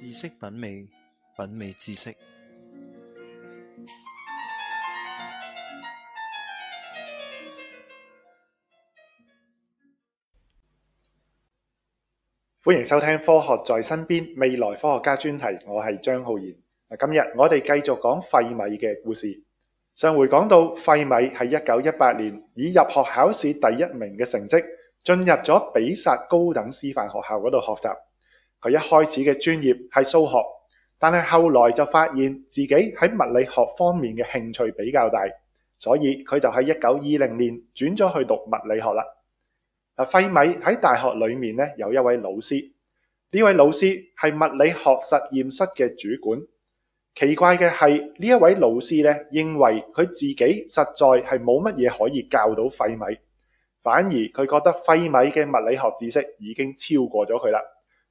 知識品味，品味知識。歡迎收聽《科學在身邊》未來科學家專題，我係張浩然。今日我哋繼續講費米嘅故事。上回講到，費米係一九一八年以入學考試第一名嘅成績，進入咗比薩高等師範學校嗰度學習。佢一開始嘅專業係數學，但係後來就發現自己喺物理學方面嘅興趣比較大，所以佢就喺一九二零年轉咗去讀物理學啦。啊，費米喺大學裏面呢有一位老師，呢位老師係物理學實驗室嘅主管。奇怪嘅係呢，一位老師呢，認為佢自己實在係冇乜嘢可以教到費米，反而佢覺得費米嘅物理學知識已經超過咗佢啦。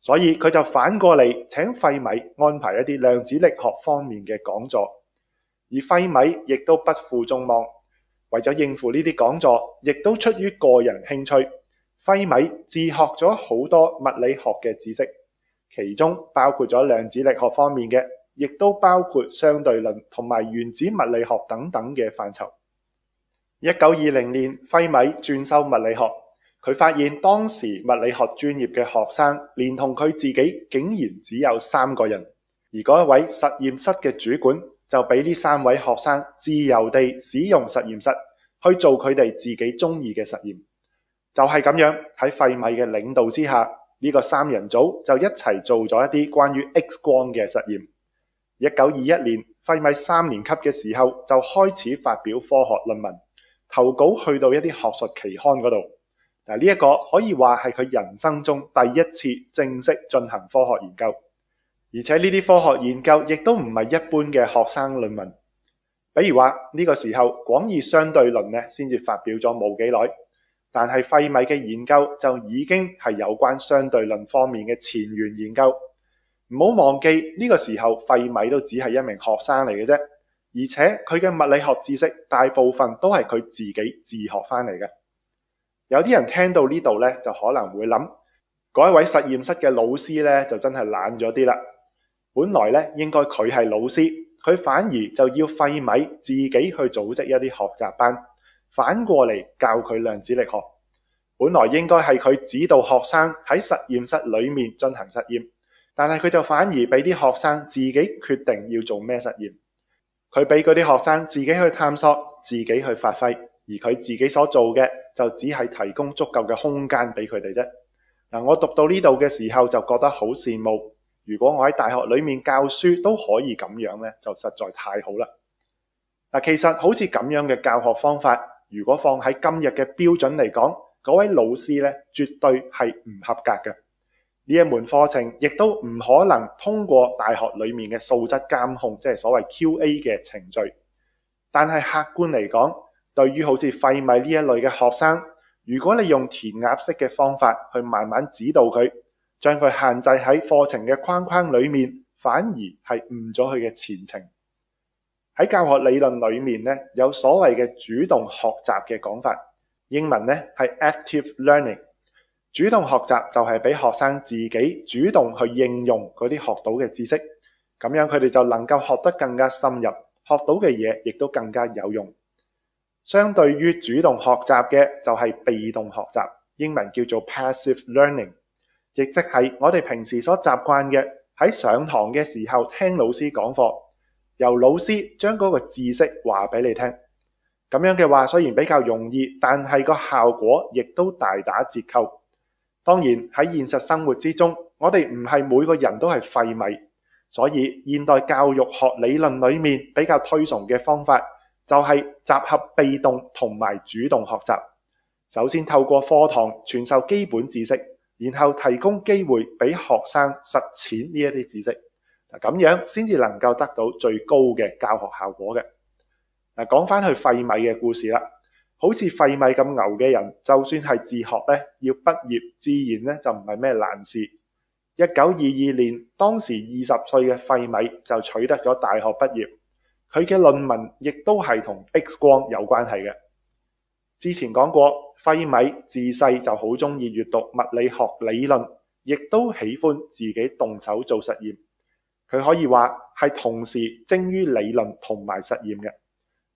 所以佢就反過嚟請費米安排一啲量子力學方面嘅講座，而費米亦都不負眾望，為咗應付呢啲講座，亦都出於個人興趣，費米自學咗好多物理學嘅知識，其中包括咗量子力學方面嘅，亦都包括相對論同埋原子物理學等等嘅範疇。一九二零年，費米轉修物理學。佢發現當時物理學專業嘅學生，連同佢自己，竟然只有三個人。而嗰一位實驗室嘅主管就俾呢三位學生自由地使用實驗室去做佢哋自己中意嘅實驗。就係咁樣喺費米嘅領導之下，呢個三人組就一齊做咗一啲關於 X 光嘅實驗。一九二一年，費米三年級嘅時候就開始發表科學論文，投稿去到一啲學術期刊嗰度。嗱，呢一個可以話係佢人生中第一次正式進行科學研究，而且呢啲科學研究亦都唔係一般嘅學生論文。比如話，呢個時候廣義相對論咧先至發表咗冇幾耐，但係費米嘅研究就已經係有關相對論方面嘅前沿研究。唔好忘記，呢個時候費米都只係一名學生嚟嘅啫，而且佢嘅物理學知識大部分都係佢自己自學翻嚟嘅。有啲人聽到呢度呢，就可能會諗，嗰一位實驗室嘅老師呢，就真係懶咗啲啦。本來呢，應該佢係老師，佢反而就要費米自己去組織一啲學習班，反過嚟教佢量子力學。本來應該係佢指導學生喺實驗室裏面進行實驗，但係佢就反而俾啲學生自己決定要做咩實驗。佢俾嗰啲學生自己去探索，自己去發揮，而佢自己所做嘅，就只係提供足夠嘅空間俾佢哋啫。嗱，我讀到呢度嘅時候就覺得好羨慕，如果我喺大學裏面教書都可以咁樣呢，就實在太好啦。嗱，其實好似咁樣嘅教學方法，如果放喺今日嘅標準嚟講，嗰位老師呢，絕對係唔合格嘅。呢一門課程亦都唔可能通過大學裏面嘅素質監控，即係所謂 QA 嘅程序。但係客觀嚟講，對於好似費米呢一類嘅學生，如果你用填鴨式嘅方法去慢慢指導佢，將佢限制喺課程嘅框框裏面，反而係誤咗佢嘅前程。喺教學理論裏面咧，有所謂嘅主動學習嘅講法，英文咧係 Active Learning。主動學習就係俾學生自己主動去應用嗰啲學到嘅知識，咁樣佢哋就能夠學得更加深入，學到嘅嘢亦都更加有用。相對於主動學習嘅就係被動學習，英文叫做 passive learning，亦即係我哋平時所習慣嘅喺上堂嘅時候聽老師講課，由老師將嗰個知識話俾你聽。咁樣嘅話雖然比較容易，但係個效果亦都大打折扣。當然喺現實生活之中，我哋唔係每個人都係費米，所以現代教育學理論裏面比較推崇嘅方法，就係集合被動同埋主動學習。首先透過課堂傳授基本知識，然後提供機會俾學生實踐呢一啲知識。嗱，咁樣先至能夠得到最高嘅教學效果嘅。嗱，講翻去費米嘅故事啦，好似費米咁牛嘅人，就算係自學咧，要畢業自然咧就唔係咩難事。一九二二年，當時二十歲嘅費米就取得咗大學畢業。佢嘅論文亦都係同 X 光有關係嘅。之前講過，費米自細就好中意閱讀物理學理論，亦都喜歡自己動手做實驗。佢可以話係同時精於理論同埋實驗嘅。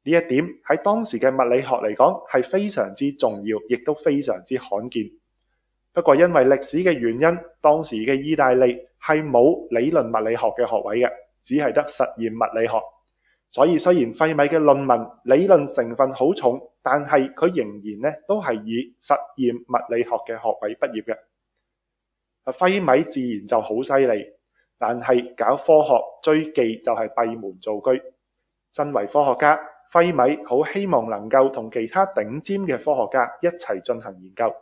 呢一點喺當時嘅物理學嚟講係非常之重要，亦都非常之罕見。不過，因為歷史嘅原因，當時嘅意大利係冇理論物理學嘅學位嘅，只係得實驗物理學。所以雖然費米嘅論文理論成分好重，但係佢仍然咧都係以實驗物理學嘅學位畢業嘅。阿費米自然就好犀利，但係搞科學最忌就係閉門造車。身為科學家，費米好希望能夠同其他頂尖嘅科學家一齊進行研究。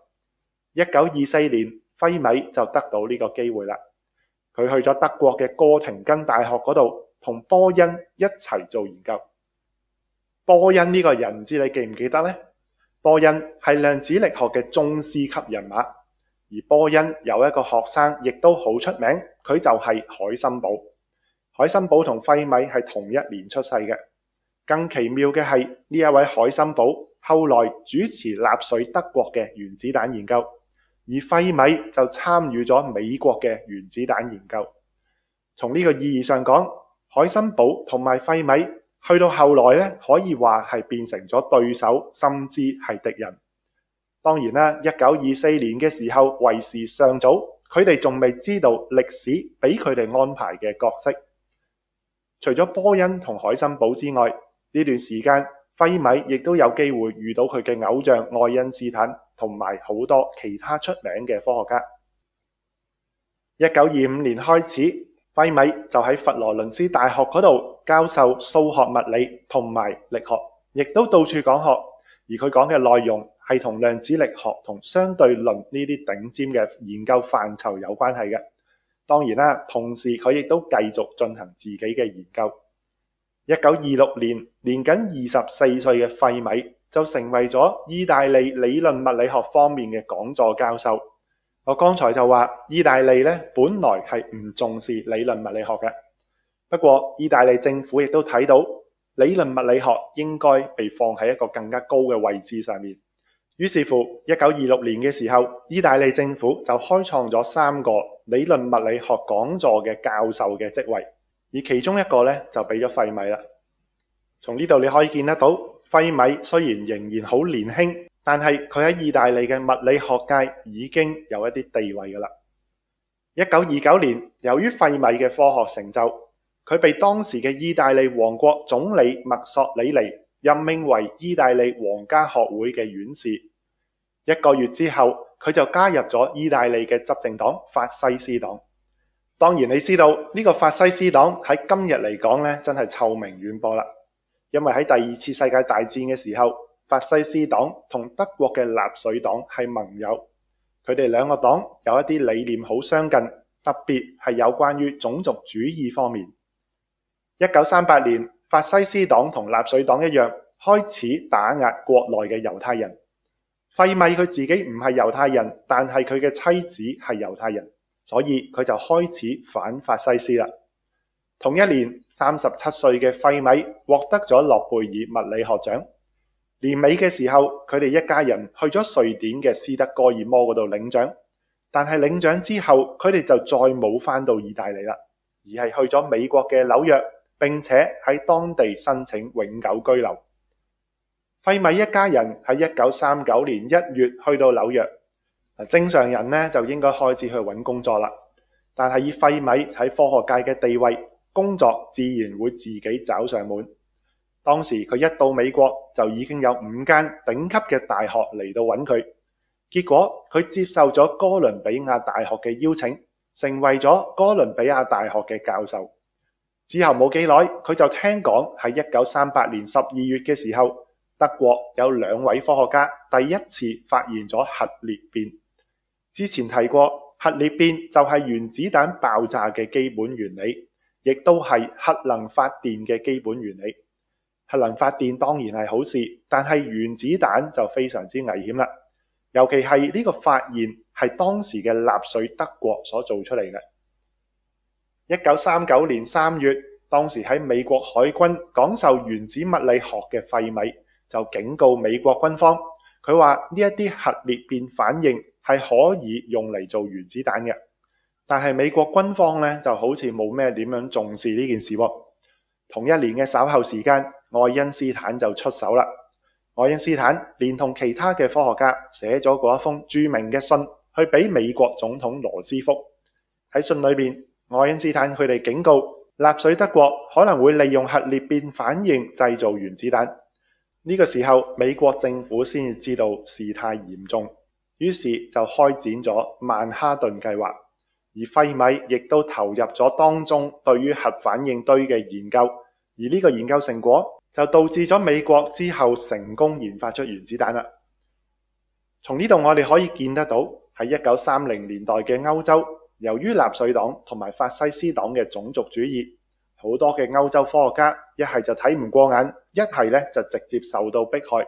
一九二四年，費米就得到呢個機會啦。佢去咗德國嘅哥廷根大學嗰度。同波恩一齊做研究。波恩呢個人，唔知你記唔記得呢？波恩係量子力學嘅宗師級人物，而波恩有一個學生，亦都好出名，佢就係海森堡。海森堡同費米係同一年出世嘅。更奇妙嘅係，呢一位海森堡，後來主持納粹德國嘅原子彈研究，而費米就參與咗美國嘅原子彈研究。從呢個意義上講。海森堡同埋費米去到後來咧，可以話係變成咗對手，甚至係敵人。當然啦，一九二四年嘅時候，為時尚早，佢哋仲未知道歷史俾佢哋安排嘅角色。除咗波恩同海森堡之外，呢段時間費米亦都有機會遇到佢嘅偶像愛因斯坦，同埋好多其他出名嘅科學家。一九二五年開始。費米就喺佛羅倫斯大學嗰度教授數學、物理同埋力學，亦都到處講學。而佢講嘅內容係同量子力學同相對論呢啲頂尖嘅研究範疇有關係嘅。當然啦，啊，同時佢亦都繼續進行自己嘅研究。一九二六年，年僅二十四歲嘅費米就成為咗意大利理論物理學方面嘅講座教授。我剛才就話，意大利咧本來係唔重視理論物理學嘅，不過意大利政府亦都睇到理論物理學應該被放喺一個更加高嘅位置上面。於是乎，一九二六年嘅時候，意大利政府就開創咗三個理論物理學講座嘅教授嘅職位，而其中一個咧就俾咗費米啦。從呢度你可以見得到，費米雖然仍然好年輕。但係佢喺意大利嘅物理學界已經有一啲地位噶啦。一九二九年，由於費米嘅科學成就，佢被當時嘅意大利王國總理墨索里尼任命為意大利皇家學會嘅院士。一個月之後，佢就加入咗意大利嘅執政黨法西斯黨。當然，你知道呢個法西斯黨喺今日嚟講咧，真係臭名遠播啦。因為喺第二次世界大戰嘅時候。法西斯黨同德國嘅納粹黨係盟友，佢哋兩個黨有一啲理念好相近，特別係有關於種族主義方面。一九三八年，法西斯黨同納粹黨一樣，開始打壓國內嘅猶太人。費米佢自己唔係猶太人，但係佢嘅妻子係猶太人，所以佢就開始反法西斯啦。同一年，三十七歲嘅費米獲得咗諾貝爾物理學獎。年尾嘅時候，佢哋一家人去咗瑞典嘅斯德哥爾摩嗰度領獎，但係領獎之後，佢哋就再冇返到意大利啦，而係去咗美國嘅紐約，並且喺當地申請永久居留。費米一家人喺一九三九年一月去到紐約，嗱，正常人咧就應該開始去搵工作啦，但係以費米喺科學界嘅地位，工作自然會自己找上門。當時佢一到美國就已經有五間頂級嘅大學嚟到揾佢，結果佢接受咗哥倫比亞大學嘅邀請，成為咗哥倫比亞大學嘅教授。之後冇幾耐，佢就聽講喺一九三八年十二月嘅時候，德國有兩位科學家第一次發現咗核裂變。之前提過，核裂變就係原子彈爆炸嘅基本原理，亦都係核能發電嘅基本原理。核能發電當然係好事，但係原子彈就非常之危險啦。尤其係呢個發現係當時嘅納粹德國所做出嚟嘅。一九三九年三月，當時喺美國海軍講授原子物理學嘅費米就警告美國軍方，佢話呢一啲核裂變反應係可以用嚟做原子彈嘅。但係美國軍方咧就好似冇咩點樣重視呢件事。同一年嘅稍後時間。愛因斯坦就出手啦！愛因斯坦連同其他嘅科學家寫咗嗰一封著名嘅信，去俾美國總統羅斯福。喺信裏面，愛因斯坦佢哋警告納粹德國可能會利用核裂變反應製造原子彈。呢個時候美國政府先知道事態嚴重，於是就開展咗曼哈頓計劃，而費米亦都投入咗當中對於核反應堆嘅研究，而呢個研究成果。就導致咗美國之後成功研發出原子彈啦。從呢度我哋可以見得到，喺一九三零年代嘅歐洲，由於納粹黨同埋法西斯黨嘅種族主義，好多嘅歐洲科學家一係就睇唔過眼，一係咧就直接受到迫害。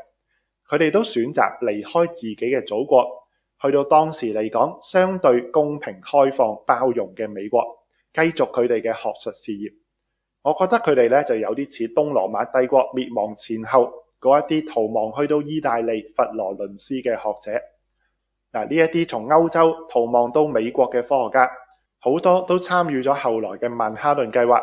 佢哋都選擇離開自己嘅祖國，去到當時嚟講相對公平、開放、包容嘅美國，繼續佢哋嘅學術事業。我覺得佢哋咧就有啲似東羅馬帝國滅亡前後嗰一啲逃亡去到意大利佛羅倫斯嘅學者嗱，呢一啲從歐洲逃亡到美國嘅科學家，好多都參與咗後來嘅曼哈頓計劃。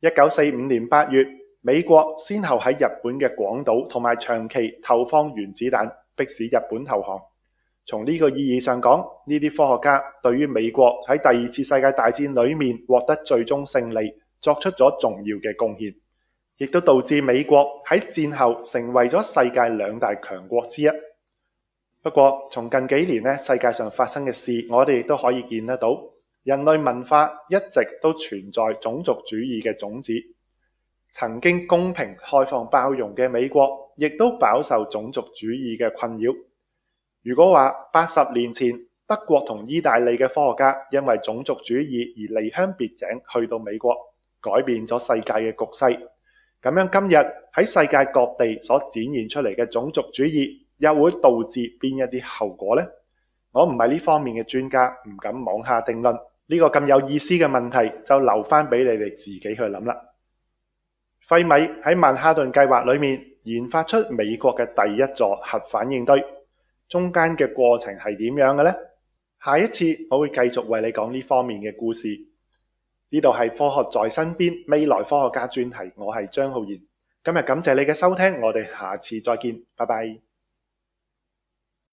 一九四五年八月，美國先後喺日本嘅廣島同埋長崎投放原子彈，迫使日本投降。從呢個意義上講，呢啲科學家對於美國喺第二次世界大戰裏面獲得最終勝利。作出咗重要嘅貢獻，亦都導致美國喺戰後成為咗世界兩大強國之一。不過，從近幾年咧世界上發生嘅事，我哋都可以見得到，人類文化一直都存在種族主義嘅種子。曾經公平、開放、包容嘅美國，亦都飽受種族主義嘅困擾。如果話八十年前德國同意大利嘅科學家因為種族主義而離鄉別井去到美國，改變咗世界嘅局勢，咁樣今日喺世界各地所展現出嚟嘅種族主義，又會導致邊一啲後果呢？我唔係呢方面嘅專家，唔敢妄下定論。呢個咁有意思嘅問題，就留翻俾你哋自己去諗啦。費米喺曼哈頓計劃裏面研發出美國嘅第一座核反應堆，中間嘅過程係點樣嘅呢？下一次我會繼續為你講呢方面嘅故事。呢度係科學在身邊未來科學家專題，我係張浩然，今日感謝你嘅收聽，我哋下次再見，拜拜。